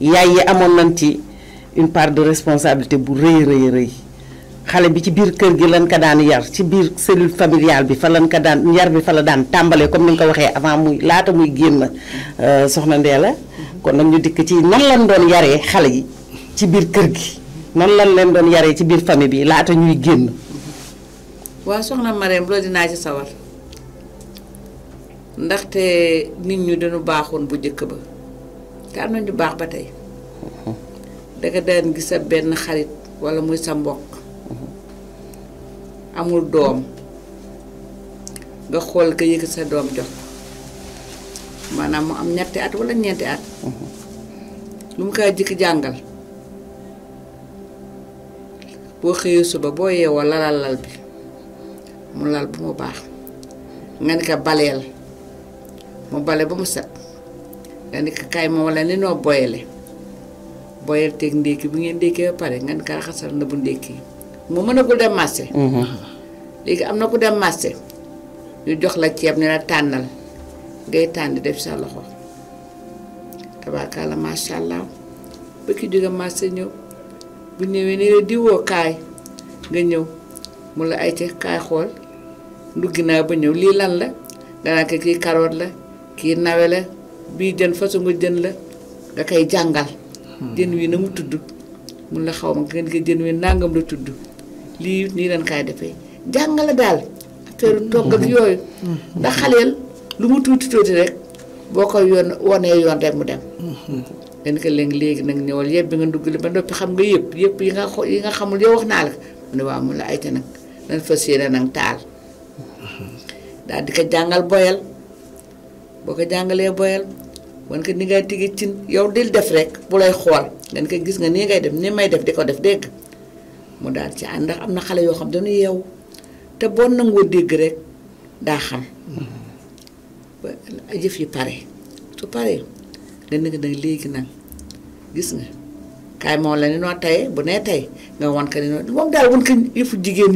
yaay yi amoon nañ ci une part de responsabilité bu rëy rëy rëy xale bi ci biir kër gi lan ko daan yar ci biir cellule familiale bi fa lan ko daan yar bi fa la daan tàmbalee comme ni nga ko waxee avant muy laata muy génn euh, soxna ndee la kon nag ñu dikk ci nan lan doon yaree xale yi ci biir kër gi nan lan leen doon yaree ci biir famille bi laata ñuy génn waaw soxna Marème loolu dinaa ci sawar ndaxte nit ñu dañu baaxoon bu njëkk ba te am ñu baax ba tey nga daan gis sa benn xarit wala muy sa mbokk amul doom nga xool ka yëg sa doom jox maanaam mu am ñetti at wala ñeenti at lu mu kaa jikki jàngal boo xëyee suba boo yeewoo lalal lal bi mu lal bu mu baax nga ni mu bale ba mu set nga ni ko kaay moom la ni noo boyale boyal teg ndékki bu ngeen ndékkee ba pare nga ni raxasal na bu ndékki mu mënagul dem marché mhm. léegi am na ko dem marché ñu jox la ceeb ne la tànnal ngay tànn def sa loxo tabaakaala macha allah ba ki jóge marché ñëw bu ñëwee ne la diwoo kaay nga ñëw mu la ay ceeb kaay xool ndugg naa ba ñëw lii lan la nga naan kii carotte la kii nawe la bii jën façon nga jën la nga koy jàngal jën hmm. wi nag mu tudd mun la xaw ma ngeen ko jën wi nangam la tudd lii nii leen kaay defee jàngale daal affaire hmm. togg ak yooyu hmm. ndax xaleel lu mu tuuti tuuti rek boo koy yoon wonee yoon rek mu dem ngeen ko léegi léegi nag ñëwal yëpp bi nga dugg li ba noppi xam nga yëpp yëpp yi nga yi xamul yow wax naa la mu ne waaw mun la ayta nag nan fas yéene nag taal daal di ko jàngal boyal boo ko jàngalee boyal wan ko ni ngay tigi cin yow dil def rek bu lay xool nga ko gis nga nii ngay def nii may def di ko def dégg mu daal ci ànd ndax am na xale yoo xam dañu yeewu te boo nangoo dégg rek daa xam jëf yi su paree nga ne ko léegi nag gis nga moom la noo tey bu nee tey nga wan ko daal wan ko yëfu jigéen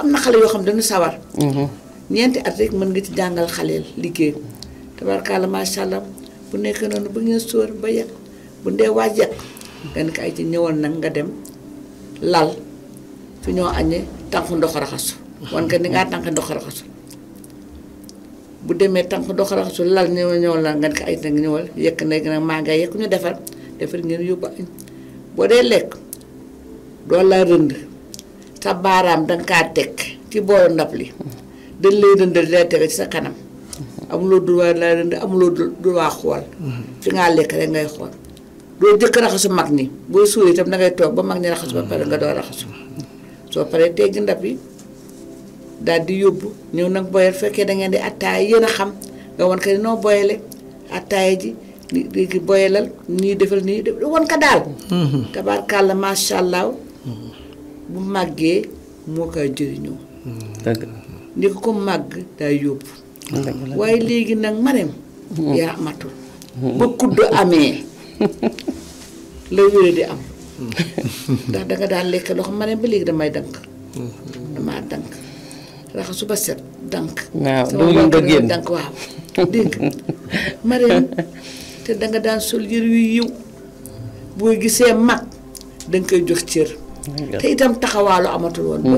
am na xale yoo xam dañu sawar mm-hmm. ñeenti at rek mën nga ci jàngal xale liggéey tabarkalla macha allah bu nek non bu ngeen sóor ba ya bu ndé wajja yàq ko ay ci ñewon nak nga dem lal fi ñoo añee tanku ndox raxasu wan nga ni nga tànk ndox raxasu bu démé tànk ndox raxasu lal ñëw ñoo la nga ne ko ay nag ñewal yek nek nag ma nga yek ya ñu defar defar ngeen yu ba bo dé lek do la rënd sa baram danga ka tek ci bo ndab li dañ lay rëndal lay tek ci sa kanam amuloo droit la leen di amuloo xool. fi mm-hmm. ngaa lekk rek ngay xool. doo jëkk raxasu mag ni boo suur itam dangay toog ba mag ni raxasu ba pare nga doo raxasu. Mm-hmm. soo paree teggi ndab yi daal di yóbbu ñëw nag boyal fekkee dangeen di attaaya yéen a xam nga wan ko ni noo boyale attaaya ji di boyalal nii defal nii def wan ko daal. Mm-hmm. tabaarkàlla macha allah. bu màggee moo koy jëriñoo. dëgg ni ko ko màgg daay yóbbu. waaye léegi nag Marème yaa amatul. ba kudd amee la wéré di am. ndax danga daan lekk loo xam ba léegi damay dank. damaa dank raxasu ba set dank. waaw loolu nga génn dank waaw dégg te danga daan sol yëre yu yiw boo gisee mag danga koy jox cër. te itam taxawaalu amatul woon. ba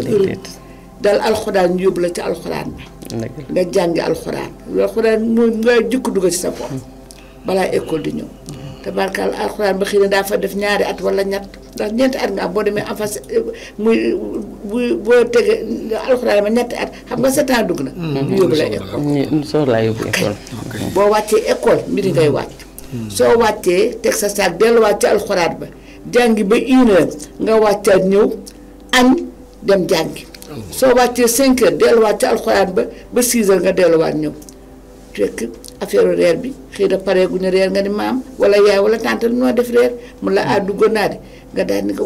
dal alxuraan yóbbu la ci alxuraan bi. nga jàngi alxuraan loolu alxuraan mooy nga jëkk dugal ci sa bopp balaa école di ñëw tabarkaal alxuraan ba xëy na daa fa def ñaari at wala ñett ndax ñeenti at nga am boo demee en face muy bu boo tege alxuraan ma ñetti at xam nga mm-hmm. mm. boo wàccee école mbiri mm-hmm. soo wàccee teg sa saak delluwaat ci alxuraan ba jàngi ba une nga wàccaat ñëw añ dem jàngi soo wàccee 5 heures delluwaat ci alxuraan ba ba 6 heures nga delluwaat ñëw fekk affaire reer bi xëy na pareeguñu reer nga ni maam wala yaay wala tante lu noo def reer mu la àddu ah, gonaadi nga daal ni nga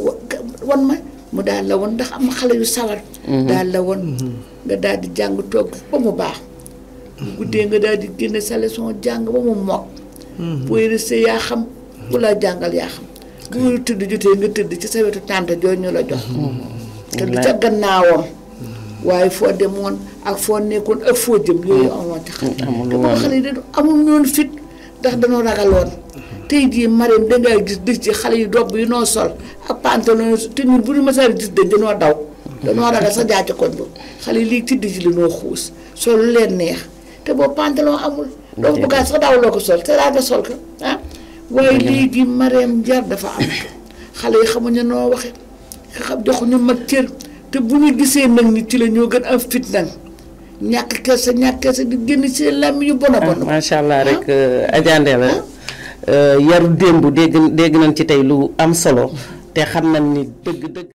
won ma mu daal la won ndax am xale yu sawar. Mhm. daal la won mhm. nga daal di jàng togg ba mu baax. Mhm. bu guddee nga daal di génne sa leçon jàng ba mu mokk. booy resté yaa xam ku la jàngal yaa xam. bu tëdd jotee nga tëdd ci sa wetu tante jooju ñu la jox. te du ca gannaawam waaye foo demoon ak foo nekkoon ak foo jëm yooyu mm. amoon ci mm, xale yi de fit ndax dañoo ragaloon mm. tey jii Marème dangay gis dis ci xale yu dobb yu noo sol ak pantalon te ñun bu ñu mësaa gis dañ dañoo daw dañoo ragal sa jaaci koñ ba xale yi lii ci li noo xuus sol lu leen neex te boobu pantalon amul donc buggaa sax daw loo ko sol te daa nga sol ko ah waaye léegi Marème jar dafa am xale yi xamuñu noo waxe nga xam joxuñu mag cër te bu ñu gisee nag ni ci la ñoo gën am fit nag ñàkk kersa ñàkk kersa di génn ci làmb yu bon a bon. Ah, macha allah rek ah. euh, Adja Ndella la ah. euh, yaru démb dégg dégg nañ ci tey lu am solo te xam nañ ni dëgg dëgg.